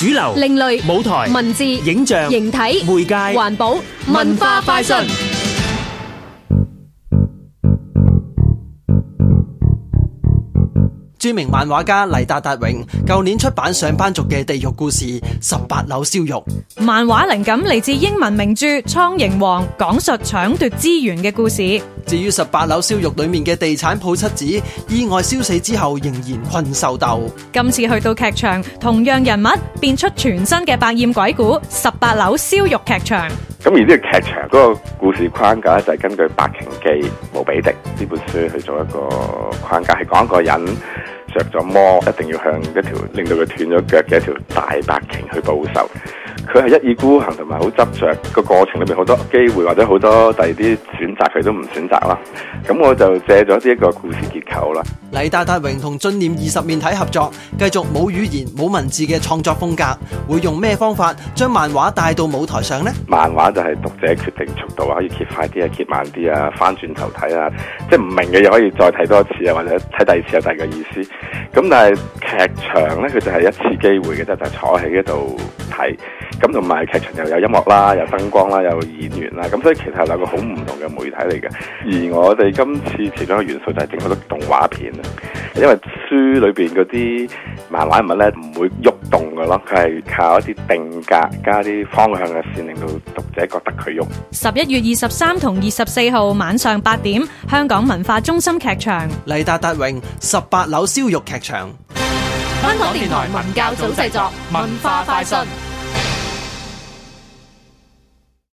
主流、另類、舞台、文字、影像、形體、媒介、環保、文化、快訊。著名漫畫家黎達達榮，舊年出版上班族嘅《地獄故事》十八樓燒肉，漫畫靈感嚟自英文名著《蒼蠅王》，講述搶奪資源嘅故事。至於十八樓燒肉裏面嘅地產鋪七子，意外燒死之後仍然困獸鬥。今次去到劇場，同樣人物變出全新嘅百厭鬼故《十八樓燒肉》劇場。咁而呢個劇場嗰個故事框架就係根據《白鯨記》《毛比的》呢本書去做一個框架，係講一個人着咗魔，一定要向一條令到佢斷咗腳嘅一條大白鯨去報仇。佢係一意孤行同埋好執着，個過程裏面好多機會或者好多第二啲選擇佢都唔選擇啦。咁我就借咗呢一個故事結構啦。黎達達榮同進念二十面體合作，繼續冇語言、冇文字嘅創作風格，會用咩方法將漫畫帶到舞台上呢？漫畫就係讀者決定速度，可以揭快啲啊，揭慢啲啊，翻轉頭睇啊，即係唔明嘅嘢可以再睇多次啊，或者睇第二次有第二個意思。咁但係劇場咧，佢就係一次機會嘅啫，就係坐喺呢度睇。咁同埋劇場又有音樂啦，有燈光啦，有演員啦，咁所以其實係兩個好唔同嘅媒體嚟嘅。而我哋今次其中一個元素就係整好多動畫片啊，因為書裏邊嗰啲漫畫物咧，唔會喐動㗎囉，佢係靠一啲定格加啲方向嘅線，令到讀者覺得佢喐。十一月二十三同二十四號晚上八點，香港文化中心劇場，黎達達榮十八樓燒肉劇場，香港電台文教組製作文化快訊。